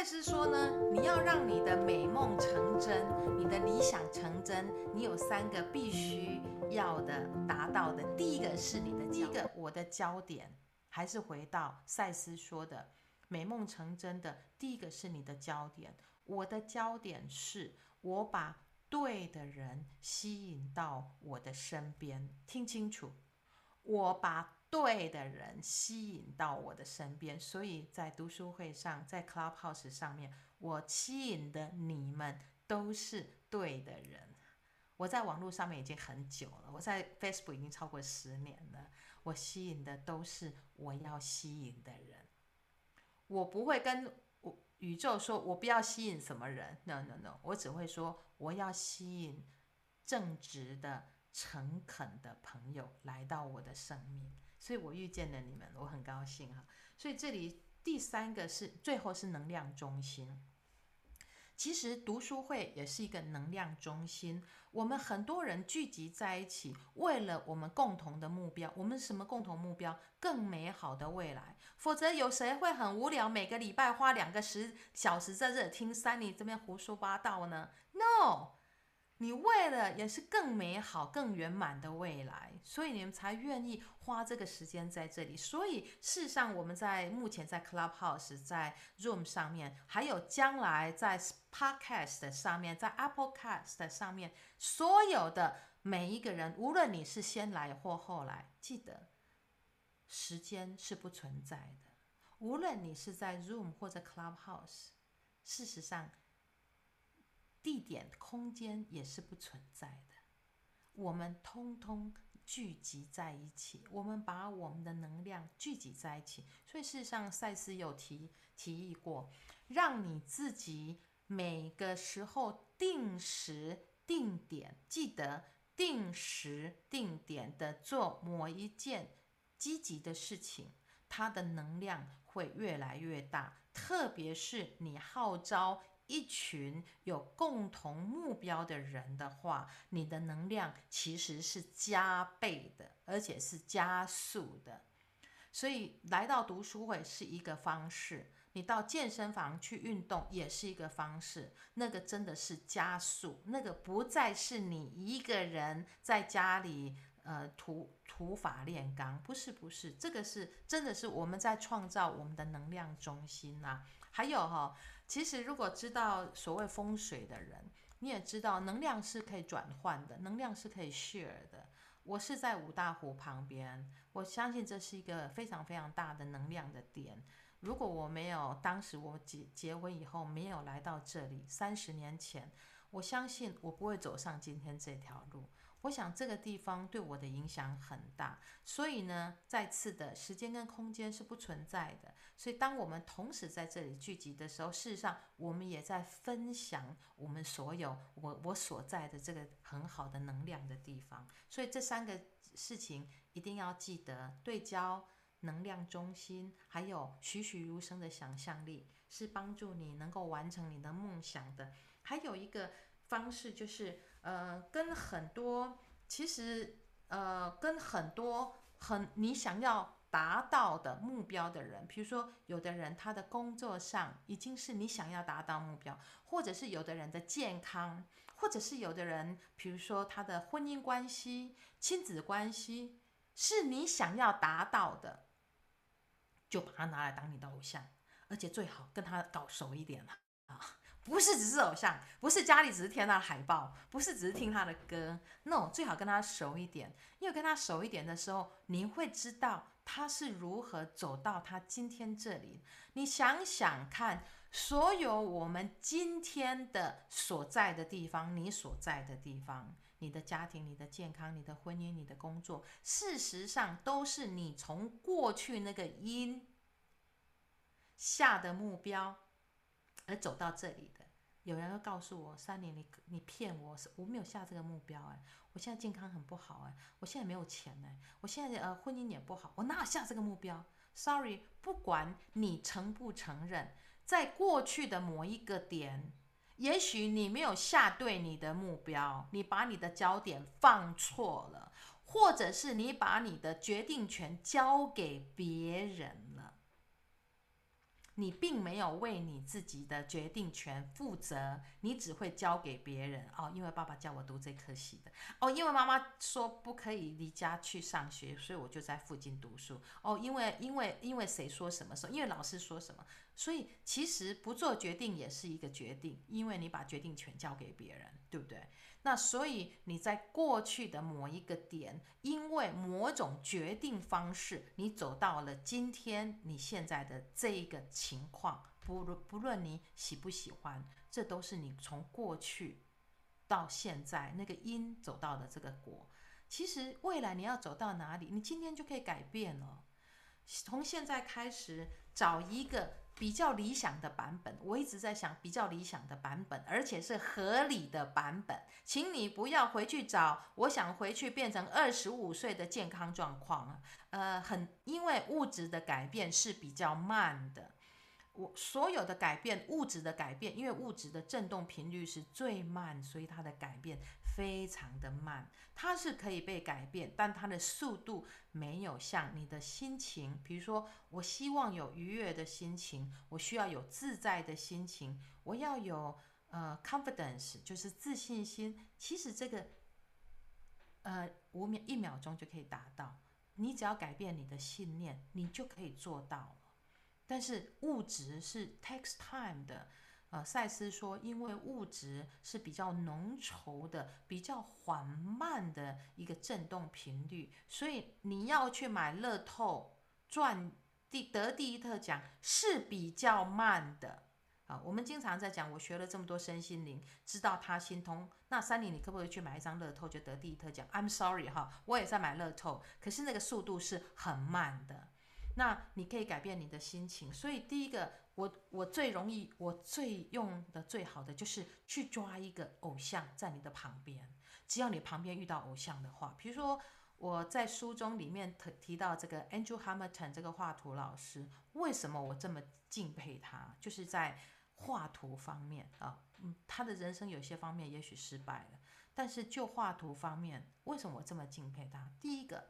賽斯說呢，你要讓你的美夢成真，你的理想成真，你有三個必須要的達到的。第一個是你的焦點，第一個，我的焦點還是回到賽斯說的美夢成真的第一個是你的焦點。我的焦點是我把對的人吸引到我的身邊，聽清楚，我把。對的人吸引到我的身邊，所以在讀書會上，在 Clubhouse 上面，我吸引的你們都是對的人。我在網絡上面已經很久了，我在 Facebook 已經超過十年了，我吸引的都是我要吸引的人。我不會跟我宇宙說我不要吸引什麼人，No, no, no，我只會說我要吸引正直的、誠懇的朋友來到我的生命。所以我遇見了你們，我很高興哈。所以這裡第三個是最後是能量中心，其實讀書會也是一個能量中心，我們很多人聚集在一起，為了我們共同的目標。我們什麼共同目標？更美好的未來。否則有誰會很無聊，每個禮拜花兩個小時在這聽三里這邊胡說八道呢？No。你為了也是更美好、更圓滿的未來，所以你們才願意花這個時間在這裡。所以，事實上我們在目前在 Clubhouse、在 Zoom 上面，還有將來在 Podcast 上面、在 Apple Cast 上面，所有的每一個人，無論你是先來或後來，記得時間是不存在的。無論你是在 Zoom 或者 Clubhouse，事實上。地點、空間也是不存在的。我們通通聚集在一起，我們把我們的能量聚集在一起。所以，事實上，賽斯有提提議過，讓你自己每個時候定時定點，記得定時定點的做某一件積極的事情，它的能量會越來越大。特別是你號召。一群有共同目標的人的話，你的能量其實是加倍的，而且是加速的。所以來到讀書會是一個方式，你到健身房去運動也是一個方式。那個真的是加速，那個不再是你一個人在家裡呃土土法煉鋼，不是不是，這個是真的是我們在創造我們的能量中心吶、啊。還有哈、哦。其實，如果知道所謂風水的人，你也知道，能量是可以轉換的，能量是可以 share 的。我是在五大湖旁邊，我相信這是一個非常非常大的能量的點。如果我沒有，當時我結結婚以後沒有來到這裡，三十年前，我相信我不會走上今天這條路。我想這個地方對我的影響很大，所以呢，再次的時間跟空間是不存在的。所以，當我們同時在這裡聚集的時候，事實上我們也在分享我們所有我我所在的這個很好的能量的地方。所以，這三個事情一定要記得：對焦能量中心，還有栩栩如生的想象力，是幫助你能夠完成你的夢想的。還有一個方式就是。呃，跟很多其實，呃，跟很多很你想要達到的目標的人，比如說有的人他的工作上已經是你想要達到的目標，或者是有的人的健康，或者是有的人，比如說他的婚姻關係、親子關係，是你想要達到的，就把他拿來當你的偶像，而且最好跟他搞熟一點了。不是只是偶像，不是家裡只是貼他的海報，不是只是聽他的歌。No，最好跟他熟一點，因為跟他熟一點的時候，你會知道他是如何走到他今天這裡。你想想看，所有我們今天的所在的地方，你所在的地方，你的家庭、你的健康、你的婚姻、你的工作，事實上都是你從過去那個因下的目標而走到這裡的。有人會告訴我，三年你你騙我，我沒有下這個目標哎、啊，我現在健康很不好哎、啊，我現在沒有錢哎、啊，我現在呃婚姻也不好，我哪有下這個目標？Sorry，不管你承不承認，在過去的某一個點，也許你沒有下對你的目標，你把你的焦點放錯了，或者是你把你的決定權交給別人。你並沒有為你自己的決定權負責，你只會交給別人哦。Oh, 因為爸爸叫我讀這科系的哦，oh, 因為媽媽說不可以離家去上學，所以我就在附近讀書哦、oh。因為因為因為誰說什麼時候？因為老師說什麼？所以其實不做決定也是一個決定，因為你把決定權交給別人，對不對？那所以你在過去的某一個點，因為某種決定方式，你走到了今天你現在的這一個情況，不論不論你喜不喜歡，這都是你從過去到現在那個因走到了這個果。其實未來你要走到哪裡，你今天就可以改變了。從現在開始找一個。比較理想的版本，我一直在想比較理想的版本，而且是合理的版本，請你不要回去找。我想回去變成二十五歲的健康狀況，呃，很因為物質的改變是比較慢的，我，所有的改變，物質的改變，因為物質的振動頻率是最慢，所以它的改變。非常的慢，它是可以被改變，但它的速度沒有像你的心情。比如說，我希望有愉悅的心情，我需要有自在的心情，我要有呃 confidence，就是自信心。其實這個呃五秒一秒鐘就可以達到，你只要改變你的信念，你就可以做到了。但是物質是 takes time 的。呃，賽斯說，因為物質是比較濃稠的、比較緩慢的一個震動頻率，所以你要去買樂透賺第得第一特獎是比較慢的。啊，我們經常在講，我學了這麼多身心靈，知道他心通，那三年你可不可以去買一張樂透就得第一特獎？I'm sorry 哈，我也在買樂透，可是那個速度是很慢的。那你可以改變你的心情，所以第一個，我我最容易，我最用的最好的就是去抓一個偶像在你的旁邊。只要你旁邊遇到偶像的話，比如說我在書中裡面提到這個 Andrew Hamilton 這個畫圖老師，為什麼我這麼敬佩他？就是在畫圖方面啊，嗯，他的人生有些方面也許失敗了，但是就畫圖方面，為什麼我這麼敬佩他？第一個，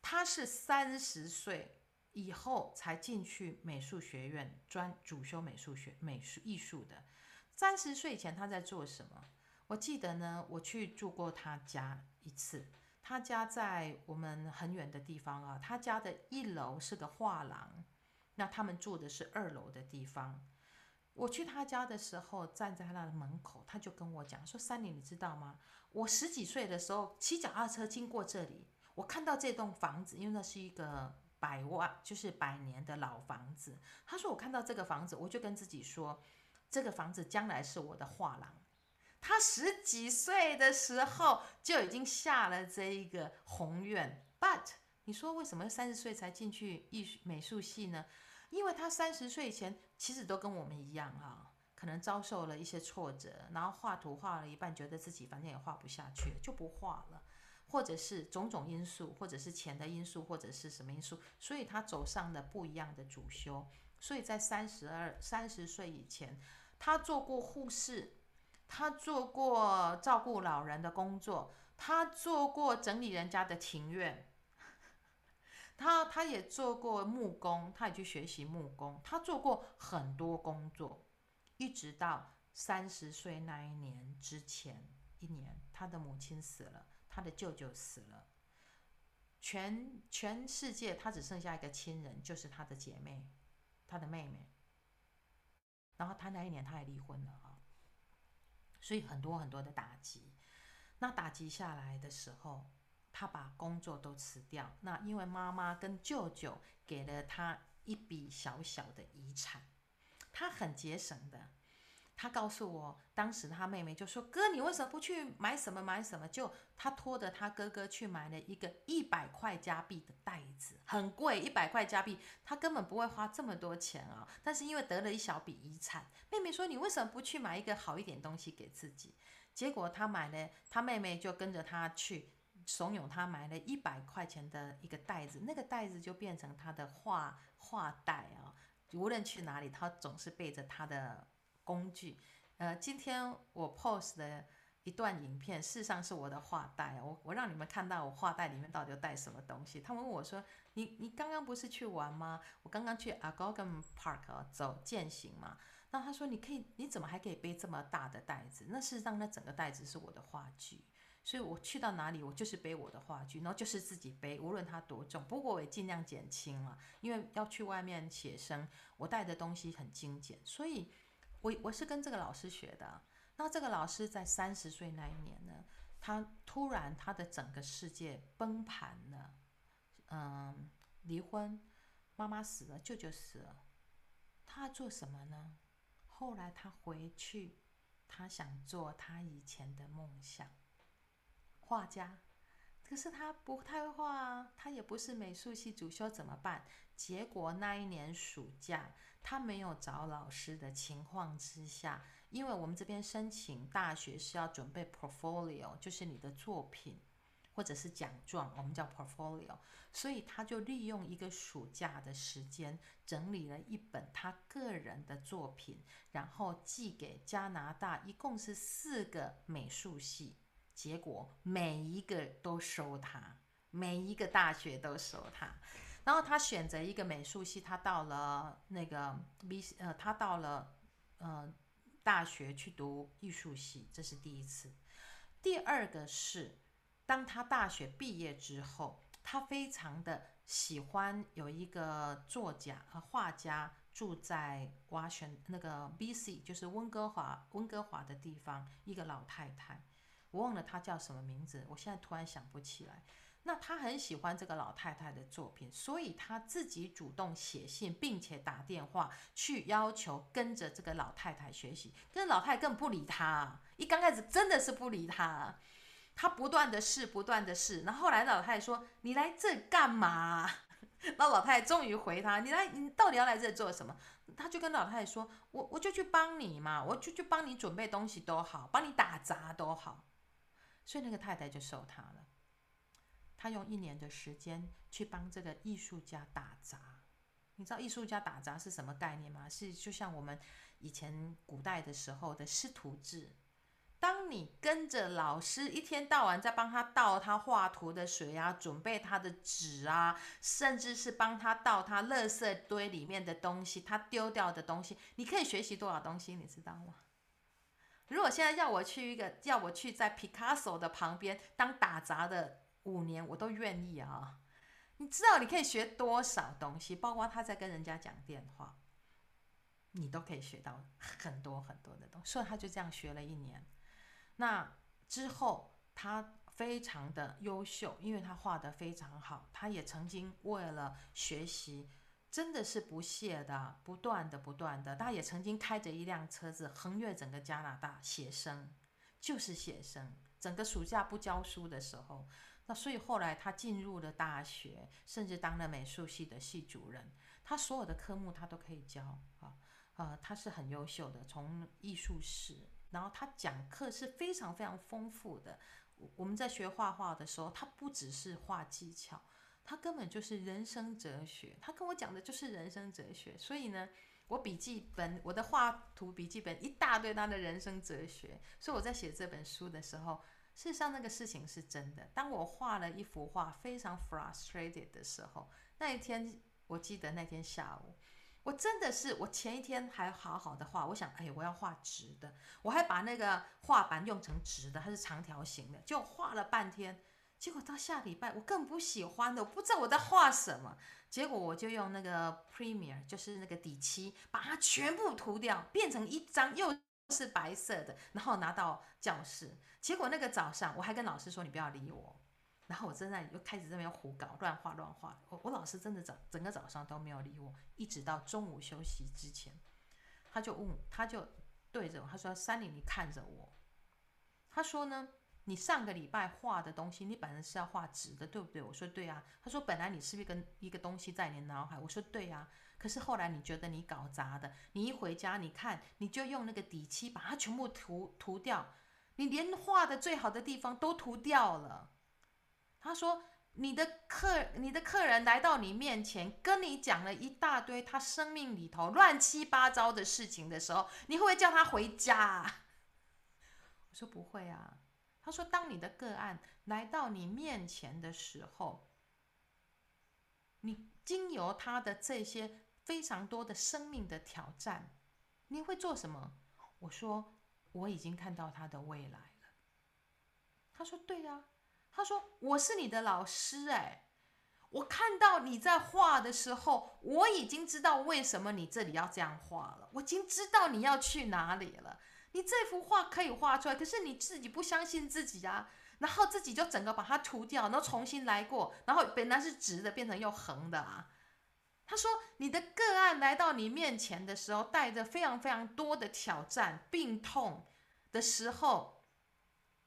他是三十歲以後才進去美術學院，專主修美術學美術藝術的。三十歲以前他在做什麼？我記得呢，我去住過他家一次。他家在我們很遠的地方啊。他家的一樓是個畫廊，那他們住的是二樓的地方。我去他家的時候，站在他的門口，他就跟我講說：“三林，你知道嗎？我十幾歲的時候騎腳踏車經過這裡，我看到這棟房子，因為那是一個。”百萬就是百年的老房子。他說：“我看到這個房子，我就跟自己說，這個房子將來是我的畫廊。”他十幾歲的時候就已經下了這一個宏願。But 你說為什麼三十歲才進去藝術美術系呢？因為他三十歲以前其實都跟我們一樣哈、啊，可能遭受了一些挫折，然後畫圖畫了一半，覺得自己反正也畫不下去了，就不畫了。或者是種種因素，或者是錢的因素，或者是什麼因素，所以他走上了不一樣的主修。所以在三十二、三十歲以前，他做過護士，他做過照顧老人的工作，他做過整理人家的庭院，他他也做過木工，他也去學習木工，他做過很多工作，一直到三十歲那一年之前一年，他的母親死了。他的舅舅死了，全全世界他只剩下一個親人，就是他的姐妹，他的妹妹。然後他那一年他也離婚了啊，所以很多很多的打擊。那打擊下來的時候，他把工作都辭掉。那因為媽媽跟舅舅給了他一筆小小的遺產，他很節省的。他告訴我，當時他妹妹就說：“哥，你為什麼不去買什麼買什麼？”就他拖着他哥哥去買了一個一百塊加幣的袋子，很貴，一百塊加幣，他根本不會花這麼多錢啊、哦。但是因為得了一小筆遺產，妹妹說：“你為什麼不去買一個好一點東西給自己？”結果他買了，他妹妹就跟着他去，慫恿他買了一百塊錢的一個袋子，那個袋子就變成他的畫畫袋啊。無論去哪裡，他總是背着他的。工具，呃，今天我 post 的一段影片，事實上是我的畫袋，我我讓你們看到我畫袋裡面到底有帶什麼東西。他們問我說：“你你剛剛不是去玩嗎？我剛剛去 Argonne Park、哦、走健行嘛。”那他說：“你可以，你怎麼還可以背這麼大的袋子？那事實上，那整個袋子是我的畫具，所以我去到哪裡，我就是背我的畫具，然後就是自己背，無論它多重，不過我也盡量減輕了、啊，因為要去外面寫生，我帶的東西很精簡，所以。我我是跟這個老師學的，那這個老師在三十歲那一年呢，他突然他的整個世界崩盤了，嗯，離婚，媽媽死了，舅舅死了，他做什麼呢？後來他回去，他想做他以前的夢想，畫家。可是他不太會畫啊，他也不是美術系主修，怎麼辦？結果那一年暑假，他沒有找老師的情況之下，因為我們這邊申請大學是要準備 portfolio，就是你的作品或者是獎狀，我們叫 portfolio，所以他就利用一個暑假的時間整理了一本他個人的作品，然後寄給加拿大，一共是四個美術系。結果每一個都收他，每一個大學都收他，然後他選擇一個美術系，他到了那個 B，呃，他到了嗯、呃、大學去讀藝術系，這是第一次。第二個是，當他大學畢業之後，他非常的喜歡有一個作家和畫家住在華盛頓，那個 BC，就是溫哥華，溫哥華的地方，一個老太太。我忘了他叫什麼名字，我現在突然想不起來。那他很喜歡這個老太太的作品，所以他自己主動寫信，並且打電話去要求跟着這個老太太學習。但是老太太更不理他，一剛開始真的是不理他。他不斷的試，不斷的試，然後，後來老太太說：“你來這幹嘛？”那老太太終於回他：“你來，你到底要來這做什麼？”他就跟老太太說：“我我就去幫你嘛，我就去幫你準備東西都好，幫你打雜都好。”所以那個太太就收他了，他用一年的時間去幫這個藝術家打雜。你知道藝術家打雜是什麼概念嗎？是就像我們以前古代的時候的師徒制，當你跟着老師一天到晚在幫他倒他畫圖的水啊，準備他的紙啊，甚至是幫他倒他垃圾堆裡面的東西，他丟掉的東西，你可以學習多少東西？你知道嗎？如果現在要我去一個，要我去在 Picasso 的旁邊當打雜的五年，我都願意啊！你知道你可以學多少東西，包括他在跟人家講電話，你都可以學到很多很多的東西。所以他就這樣學了一年。那之後他非常的優秀，因為他畫得非常好。他也曾經為了學習。真的是不懈的，不斷的，不斷的。他也曾經開着一輛車子橫越整個加拿大寫生，就是寫生。整個暑假不教書的時候，那所以後來他進入了大學，甚至當了美術系的系主任。他所有的科目他都可以教啊，呃，他是很優秀的。從藝術史，然後他講課是非常非常豐富的。我們在學畫畫的時候，他不只是畫技巧。他根本就是人生哲學，他跟我講的就是人生哲學，所以呢，我筆記本、我的畫圖筆記本一大堆他的人生哲學。所以我在寫這本書的時候，事實上那個事情是真的。當我畫了一幅畫，非常 frustrated 的時候，那一天我記得那天下午，我真的是我前一天還好好的畫，我想，哎，我要畫直的，我還把那個畫板用成直的，它是長條形的，就畫了半天。結果到下禮拜，我更不喜歡了。我不知道我在畫什麼，結果我就用那個 Premier，就是那個底漆，把它全部塗掉，變成一張又是白色的，然後拿到教室。結果那個早上，我還跟老師說：“你不要理我。”然後我正在又開始這邊胡搞亂畫亂畫。我老師真的早整個早上都沒有理我，一直到中午休息之前，他就問，他就對着我，他說：“三林，你看着我。”他說呢。你上個禮拜畫的東西，你本來是要畫紙的，對不對？我說對啊。他說本來你是一個一個東西在你的腦海，我說對啊。可是後來你覺得你搞砸的，你一回家，你看你就用那個底漆把它全部塗塗掉，你連畫的最好的地方都塗掉了。他說你的客你的客人來到你面前，跟你講了一大堆他生命裡頭亂七八糟的事情的時候，你會不會叫他回家？我說不會啊。他說：“當你的個案來到你面前的時候，你經由他的這些非常多的生命的挑戰，你會做什麼？”我說：“我已經看到他的未來了。”他說：“對啊。”他說：“我是你的老師，欸，哎，我看到你在畫的時候，我已經知道為什麼你這裡要這樣畫了，我已經知道你要去哪裡了。”你這幅畫可以畫出來，可是你自己不相信自己啊，然後自己就整個把它塗掉，然後重新來過，然後本來是直的變成又橫的啊。他說：“你的個案來到你面前的時候，帶着非常非常多的挑戰、病痛的時候，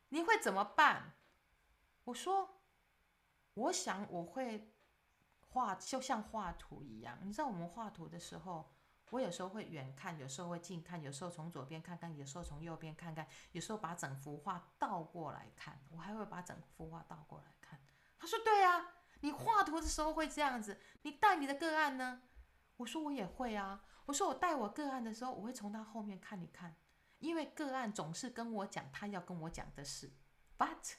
你會怎麼辦？”我說：“我想我會畫，就像畫圖一樣。你知道我們畫圖的時候。”我有時候會遠看，有時候會近看，有時候從左邊看看，有時候從右邊看看，有時候把整幅畫倒過來看，我還會把整幅畫倒過來看。他說：“對啊，你畫圖的時候會這樣子，你帶你的個案呢？”我說：“我也會啊。”我說：“我帶我個案的時候，我會從他後面看一看，因為個案總是跟我講他要跟我講的事，but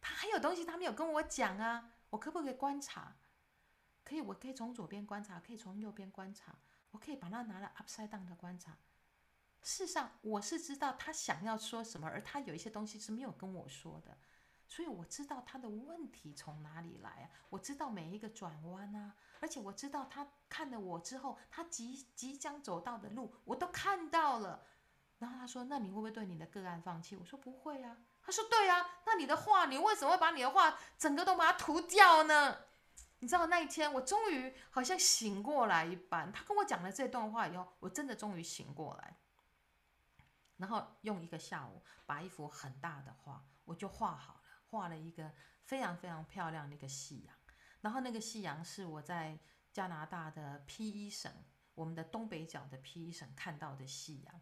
他還有東西他沒有跟我講啊，我可不可以觀察？可以，我可以從左邊觀察，可以從右邊觀察。”我可以把它拿來 upside down 的觀察。事實上，我是知道他想要說什麼，而他有一些東西是沒有跟我說的，所以我知道他的問題從哪裡來啊！我知道每一個轉彎啊，而且我知道他看了我之後，他即即將走到的路我都看到了。然後他說：“那你會不會對你的個案放棄？”我說：“不會啊。”他說：“對啊，那你的畫，你為什麼會把你的畫整個都把它塗掉呢？”你知道那一天，我終於好像醒過來一般。他跟我講了這段話以後，我真的終於醒過來。然後用一個下午，把一幅很大的畫，我就畫好了，畫了一個非常非常漂亮的一個夕陽。然後那個夕陽是我在加拿大的 PEI 省，我們的東北角的 PEI 省看到的夕陽。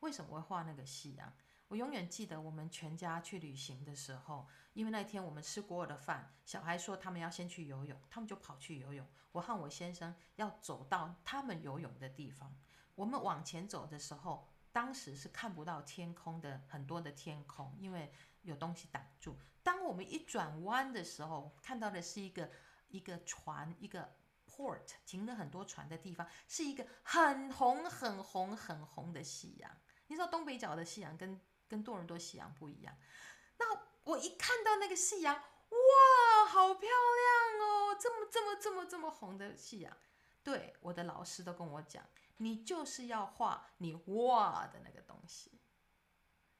為什麼我會畫那個夕陽？我永遠記得我們全家去旅行的時候，因為那天我們吃過的飯，小孩說他們要先去游泳，他們就跑去游泳。我和我先生要走到他們游泳的地方。我們往前走的時候，當時是看不到天空的，很多的天空，因為有東西擋住。當我們一轉彎的時候，看到的是一個一個船，一個 port 停了很多船的地方，是一個很紅、很紅、很紅的夕陽。你說東北角的夕陽跟跟多倫多夕陽不一樣，那我一看到那個夕陽，哇，好漂亮哦！這麼這麼這麼這麼紅的夕陽，對，我的老師都跟我講，你就是要畫你哇的那個東西。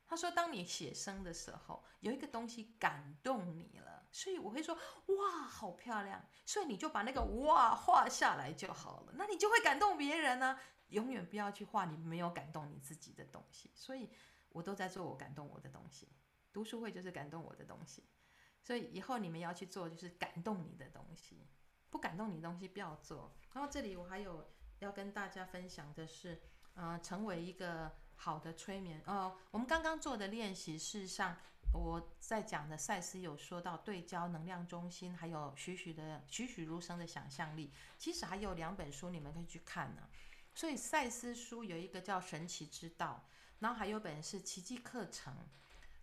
他說，當你寫生的時候，有一個東西感動你了，所以我會說，哇，好漂亮！所以你就把那個哇畫下來就好了，那你就會感動別人呢、啊。永遠不要去畫你沒有感動你自己的東西，所以。我都在做我感動我的東西，讀書會就是感動我的東西，所以以後你們要去做就是感動你的東西，不感動你的東西不要做。然後這裡我還有要跟大家分享的是，嗯、呃，成為一個好的催眠哦，我們剛剛做的練習，事實上我在講的賽斯有說到對焦能量中心，還有栩栩的栩栩如生的想象力，其實還有兩本書你們可以去看呢、啊。所以賽斯書有一個叫《神奇之道》。然後還有一本是奇蹟課程，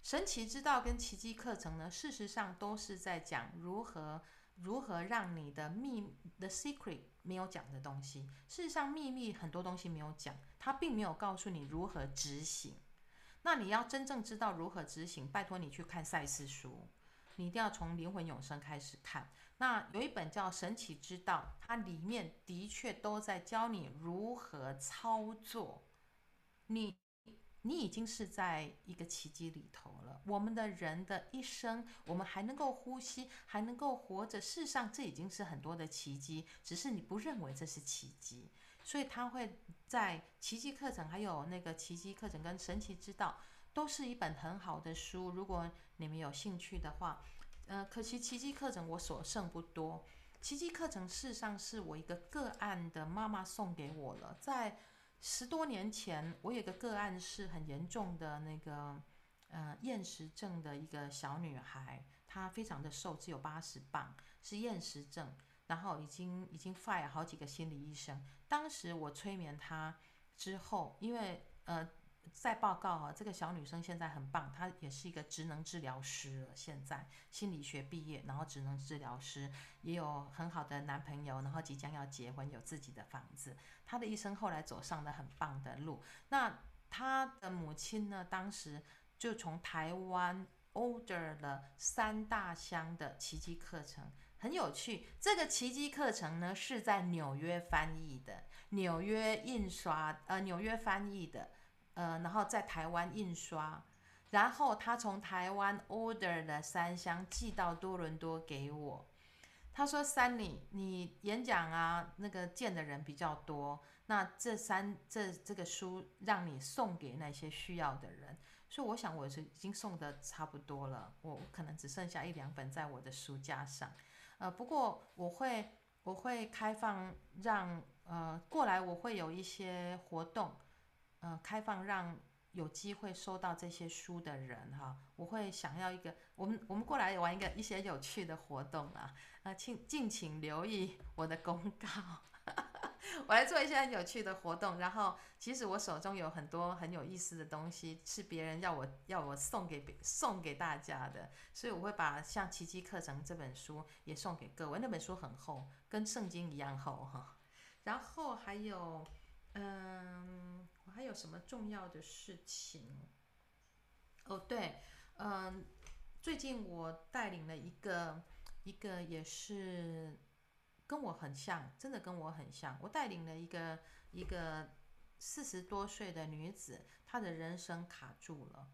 神奇之道跟奇蹟課程呢，事實上都是在講如何如何讓你的秘密 The Secret 沒有講的東西。事實上，秘密很多東西沒有講，它並沒有告訴你如何執行。那你要真正知道如何執行，拜托你去看賽斯書，你一定要從靈魂永生開始看。那有一本叫神奇之道，它裡面的確都在教你如何操作你。你已經是在一個奇蹟裡頭了。我們的人的一生，我們還能夠呼吸，還能夠活着，事實上這已經是很多的奇蹟，只是你不認為這是奇蹟。所以他會在《奇蹟課程》還有那個《奇蹟課程》跟《神奇之道》都是一本很好的書，如果你們有興趣的話。呃，可惜《奇蹟課程》我所剩不多，《奇蹟課程》事實上是我一個個案的媽媽送給我了，在。十多年前，我有個個案是很嚴重的那個，呃，厭食症的一個小女孩，她非常的瘦，只有八十磅，是厭食症，然後已經已經 fire 了好幾個心理醫生。當時我催眠她之後，因為呃。再報告哦、啊，這個小女生現在很棒，她也是一個職能治療師了。現在心理學畢業，然後職能治療師，也有很好的男朋友，然後即將要結婚，有自己的房子。她的一生後來走上了很棒的路。那她的母親呢？當時就從台灣 order 了三大箱的奇蹟課程，很有趣。這個奇蹟課程呢，是在紐約翻譯的，紐約印刷，呃，紐約翻譯的。呃，然後在台灣印刷，然後他從台灣 order 了三箱寄到多倫多給我。他說：“三里，你演講啊，那個見的人比較多，那這三這這個書讓你送給那些需要的人。所以我想我是已經送得差不多了，我可能只剩下一兩本在我的書架上。呃，不過我會我會開放讓呃過來，我會有一些活動。”呃，開放讓有機會收到這些書的人哈，我會想要一個，我們我們過來玩一個一些有趣的活動啊，啊，請敬請留意我的公告， 我來做一些很有趣的活動，然後其實我手中有很多很有意思的東西，是別人要我要我送給別送給大家的，所以我會把像《奇蹟課程》這本書也送給各位，那本書很厚，跟聖經一樣厚哈，然後還有。嗯，我還有什麼重要的事情？哦，對，嗯，最近我帶領了一個一個也是跟我很像，真的跟我很像。我帶領了一個一個四十多歲的女子，她的人生卡住了，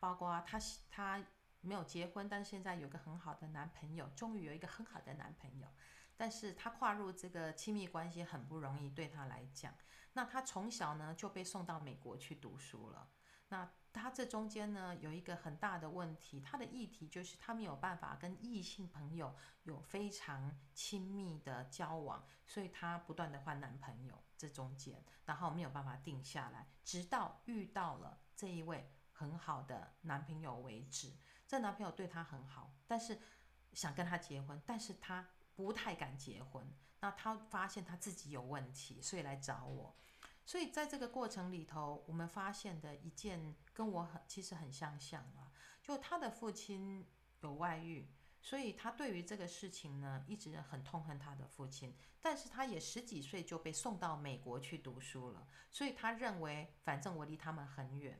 包括她她沒有結婚，但是現在有個很好的男朋友，終於有一個很好的男朋友，但是她跨入這個親密關係很不容易，對她來講。那她從小呢就被送到美國去讀書了。那她這中間呢有一個很大的問題，她的議題就是她沒有辦法跟異性朋友有非常親密的交往，所以她不斷地換男朋友。這中間，然後沒有辦法定下來，直到遇到了這一位很好的男朋友為止。這男朋友對她很好，但是想跟她結婚，但是她不太敢結婚。那她發現她自己有問題，所以來找我。所以在這個過程裡頭，我們發現的一件跟我很其實很相像啊，就他的父親有外遇，所以他對於這個事情呢，一直很痛恨他的父親。但是他也十幾歲就被送到美國去讀書了，所以他認為反正我離他們很遠。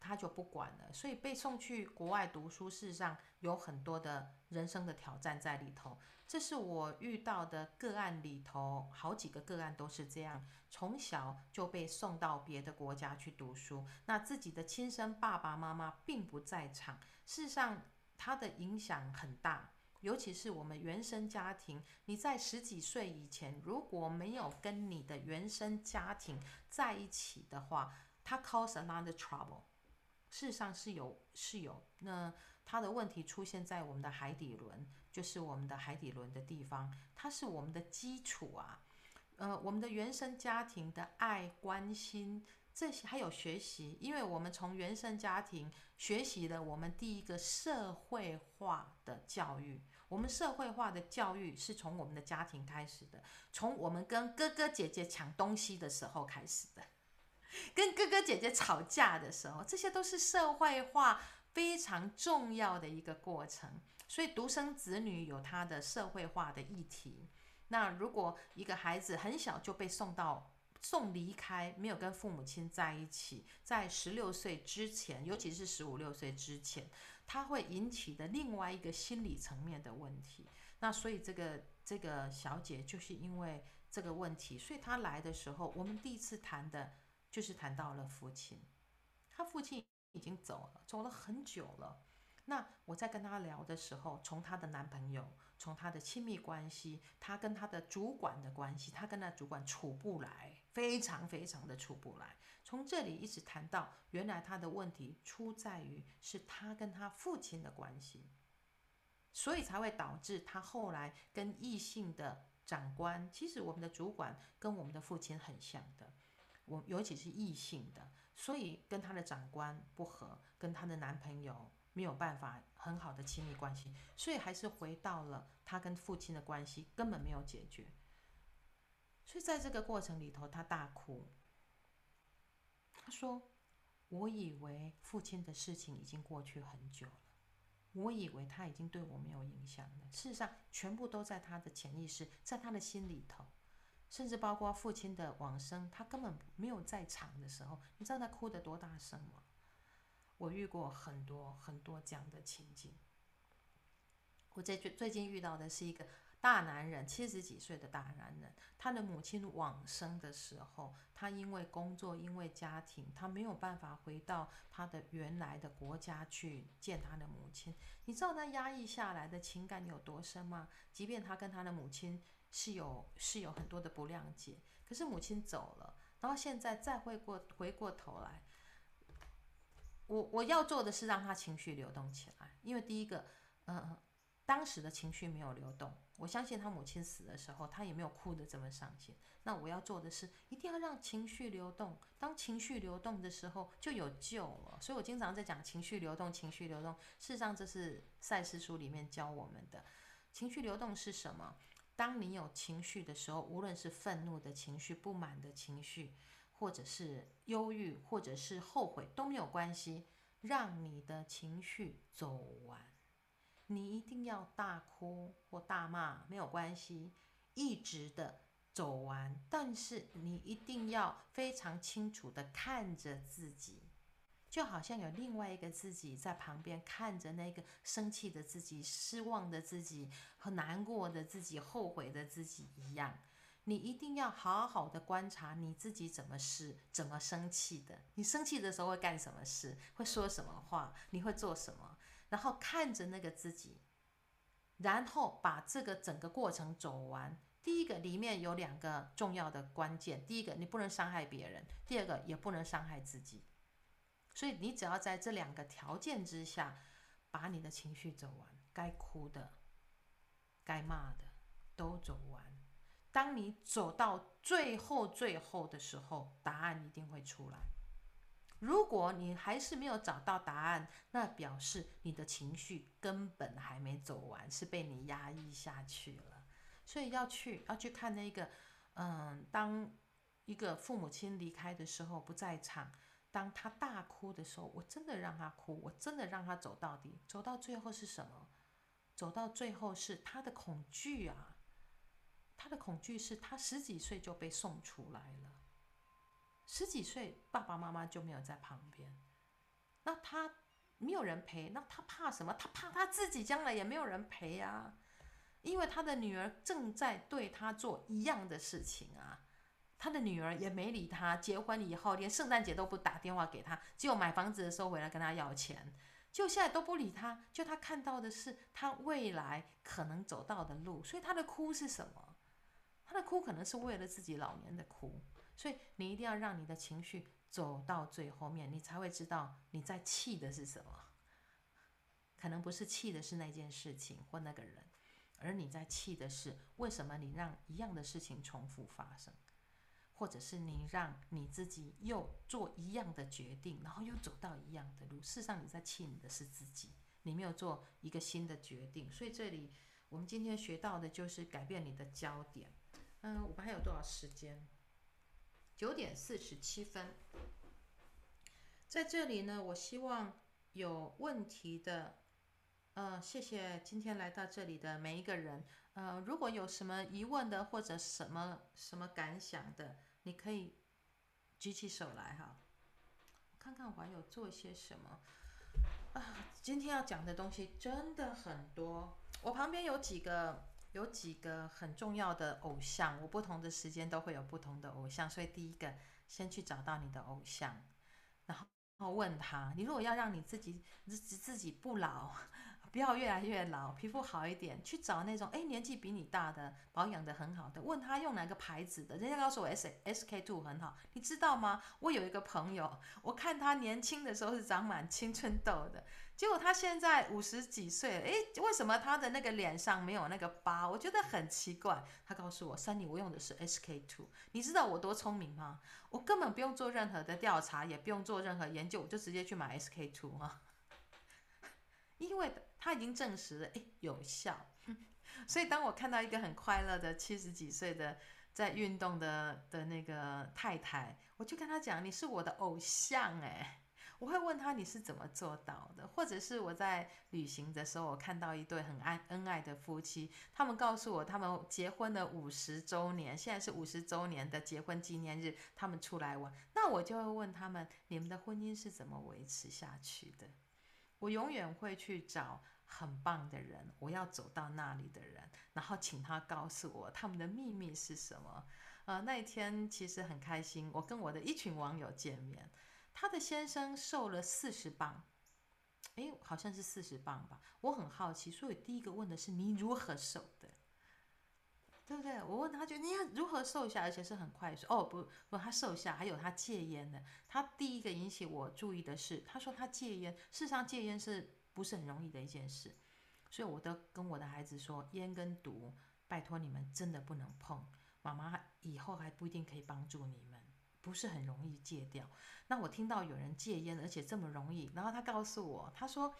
他就不管了，所以被送去國外讀書，事實上有很多的人生的挑戰在裡頭。這是我遇到的個案裡頭好幾個個案都是這樣，從小就被送到別的國家去讀書，那自己的親生爸爸媽媽並不在場。事實上，他的影響很大，尤其是我們原生家庭。你在十幾歲以前如果沒有跟你的原生家庭在一起的話，它 cause another trouble。事實上是有是有，那他的問題出現在我們的海底輪，就是我們的海底輪的地方，它是我們的基礎啊。呃，我們的原生家庭的愛、關心這些，還有學習，因為我們從原生家庭學習了我們第一個社會化的教育。我們社會化的教育是從我們的家庭開始的，從我們跟哥哥姐姐搶東西的時候開始的。跟哥哥姐姐吵架的時候，這些都是社會化非常重要的一個過程。所以獨生子女有他的社會化的議題。那如果一個孩子很小就被送到送離開，沒有跟父母親在一起，在十六歲之前，尤其是十五六歲之前，他會引起的另外一個心理層面的問題。那所以這個這個小姐就是因為這個問題，所以她來的時候，我們第一次談的。就是談到了父親，他父親已經走了，走了很久了。那我在跟他聊的時候，從他的男朋友，從他的親密關係，他跟他的主管的關係，他跟他的主管處不來，非常非常的處不來。從這裡一直談到，原來他的問題出在於是他跟他父親的關係，所以才會導致他後來跟異性的長官，其實我們的主管跟我們的父親很像的。我尤其是異性的，所以跟她的長官不和，跟她的男朋友沒有辦法很好的親密關係，所以還是回到了她跟父親的關係根本沒有解決。所以在這個過程裡頭，她大哭，她說：“我以為父親的事情已經過去很久了，我以為他已經對我沒有影響了。事實上，全部都在她的潛意識，在他的心裡頭。”甚至包括父親的往生，他根本沒有在場的時候，你知道他哭得多大聲嗎？我遇過很多很多這樣的情景。我在最最近遇到的是一個大男人，七十幾歲的大男人，他的母親往生的時候，他因為工作，因為家庭，他沒有辦法回到他的原來的國家去見他的母親。你知道他壓抑下來的情感有多深嗎？即便他跟他的母親。是有是有很多的不諒解，可是母親走了，然後現在再回過回過頭來，我我要做的是讓她情緒流動起來，因為第一個，嗯、呃，當時的情緒沒有流動，我相信她母親死的時候她也沒有哭得這麼傷心。那我要做的是一定要讓情緒流動，當情緒流動的時候就有救了。所以我經常在講情緒流動，情緒流動，事實上這是賽斯書裡面教我們的，情緒流動是什麼？當你有情緒的時候，無論是憤怒的情緒、不滿的情緒，或者是憂鬱，或者是後悔，都沒有關係。讓你的情緒走完，你一定要大哭或大罵，沒有關係，一直的走完。但是你一定要非常清楚的看着自己。就好像有另外一個自己在旁邊看着那個生氣的自己，失望的自己，很難過的自己，後悔的自己一樣，你一定要好好的觀察你自己怎麼是、怎麼生氣的。你生氣的時候會幹什麼事？會說什麼話？你會做什麼？然後看着那個自己，然後把這個整個過程走完。第一個裡面有兩個重要的關鍵：第一個，你不能傷害別人；第二個，也不能傷害自己。所以你只要在這兩個條件之下，把你的情緒走完，該哭的、該罵的都走完。當你走到最後最後的時候，答案一定會出來。如果你還是沒有找到答案，那表示你的情緒根本還沒走完，是被你壓抑下去了。所以要去，要去看那個，嗯，當一個父母親離開的時候不在場。當他大哭的時候，我真的讓他哭，我真的讓他走到底，走到最後是什麼？走到最後是他的恐懼啊，他的恐懼是他十幾歲就被送出來了，十幾歲爸爸媽媽就沒有在旁邊，那他沒有人陪，那他怕什麼？他怕他自己將來也沒有人陪啊，因為他的女兒正在對他做一樣的事情啊。他的女兒也沒理他，結婚以後連聖誕節都不打電話給他，只有買房子的時候回來跟他要錢，就現在都不理他。就他看到的是他未來可能走到的路，所以他的哭是什麼？他的哭可能是為了自己老年的哭。所以你一定要讓你的情緒走到最後面，你才會知道你在氣的是什麼。可能不是氣的是那件事情或那個人，而你在氣的是為什麼你讓一樣的事情重複發生。或者是你讓你自己又做一樣的決定，然後又走到一樣的路。事實上，你在氣你的是自己，你沒有做一個新的決定。所以這裡我們今天學到的就是改變你的焦點。嗯，我們還有多少時間？九點四十七分。在這裡呢，我希望有問題的，嗯、呃，謝謝今天來到這裡的每一個人。呃，如果有什麼疑問的或者什麼什麼感想的，你可以舉起手來哈，看看我還有做一些什麼。啊，今天要講的東西真的很多。我旁邊有幾個，有幾個很重要的偶像。我不同的時間都會有不同的偶像，所以第一個，先去找到你的偶像，然後問他：你如果要讓你自己自己不老，不要越來越老，皮膚好一點，去找那種，哎，年紀比你大的，保養得很好的，問他用哪個牌子的，人家告訴我 S S K two 很好，你知道嗎？我有一個朋友，我看他年輕的時候是長滿青春痘的，結果他現在五十幾歲，哎，為什麼他的那個臉上沒有那個疤？我覺得很奇怪。他告訴我，Sunny，我用的是 S K two，你知道我多聰明嗎？我根本不用做任何的調查，也不用做任何研究，我就直接去買 S K two 啊，因為。他已經證實了，哎，有效。 所以，當我看到一個很快樂的七十幾歲的在運動的的那個太太，我就跟他講：“你是我的偶像，哎。”我會問他：“你是怎麼做到的？”或者是我在旅行的時候，我看到一對很愛恩愛的夫妻，他們告訴我，他們結婚的五十周年，現在是五十周年的結婚紀念日，他們出來玩，那我就會問他們：“你們的婚姻是怎麼維持下去的？”我永遠會去找很棒的人，我要走到那裡的人，然後請他告訴我他們的秘密是什麼。呃，那一天其實很開心，我跟我的一群網友見面，他的先生瘦了四十磅，哎，好像是四十磅吧，我很好奇，所以第一個問的是你如何瘦的？對不對？我問他就，就你要如何瘦下，而且是很快速。哦，不不，他瘦下，還有他戒煙的。他第一個引起我注意的是，他說他戒煙。事實上，戒煙是不是很容易的一件事？所以，我都跟我的孩子說，煙跟毒，拜託你們真的不能碰。媽媽以後還不一定可以幫助你們，不是很容易戒掉。那我聽到有人戒煙，而且這麼容易。然後他告訴我，他說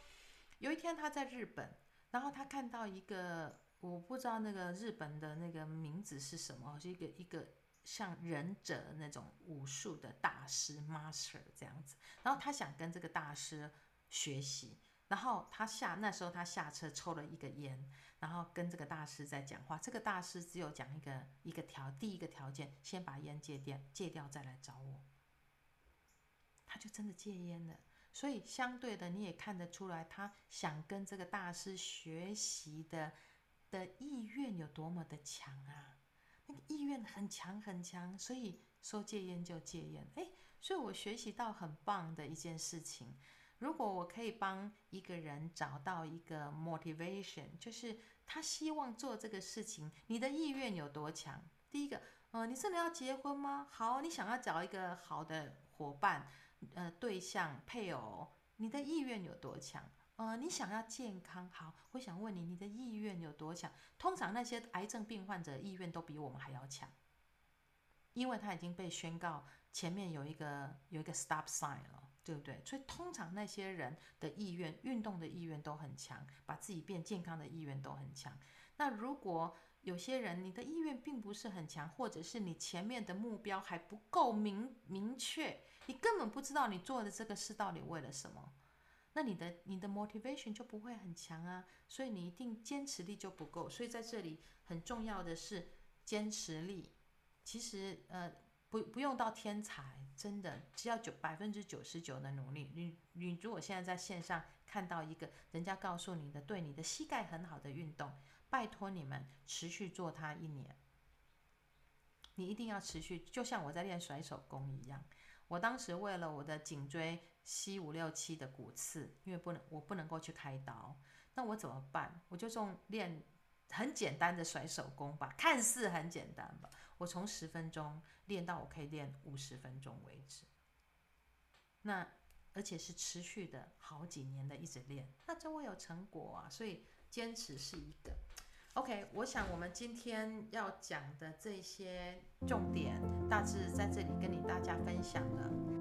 有一天他在日本，然後他看到一個。我不知道那個日本的那個名字是什麼，是一個一個像忍者那種武術的大師 master 這樣子。然後他想跟這個大師學習。然後他下，那時候他下車抽了一個煙，然後跟這個大師在講話。這個大師只有講一個一個條，第一個條件，先把煙戒掉，戒掉再來找我。他就真的戒煙了。所以相對的，你也看得出來，他想跟這個大師學習的，的意願有多麼的強啊！那個意願很強很強，所以說戒煙就戒煙。欸，所以我學習到很棒的一件事情。如果我可以幫一個人找到一個 motivation，就是他希望做這個事情，你的意願有多強？第一個，呃，你真的要結婚嗎？好，你想要找一個好的夥伴，呃，對象、配偶，你的意願有多強？呃，你想要健康，好，我想問你，你的意願有多強？通常那些癌症病患者的意願都比我們還要強，因為他已經被宣告前面有一個有一個 stop sign 了，對不對？所以通常那些人的意願、運動的意願都很強，把自己變健康的意願都很強。那如果有些人你的意願並不是很強，或者是你前面的目標還不夠明明確，你根本不知道你做的這個事到底為了什麼。那你的你的 motivation 就不會很強啊，所以你一定堅持力就不夠，所以在這裡很重要的是堅持力。其實呃不不用到天才，真的只要九百分之九十九的努力。你你如果現在在線上看到一個人家告訴你的對你的膝蓋很好的運動，拜托你們持續做它一年。你一定要持續，就像我在練甩手功一樣，我當時為了我的頸椎。七五六七的骨刺，因為不能，我不能夠去開刀，那我怎麼辦？我就從練很簡單的甩手功吧，看似很簡單吧，我從十分鐘練到我可以練五十分鐘為止。那而且是持續的好幾年的一直練，那終會有成果啊。所以堅持是一個。OK，我想我們今天要講的這些重點，大致在這裡跟你大家分享了。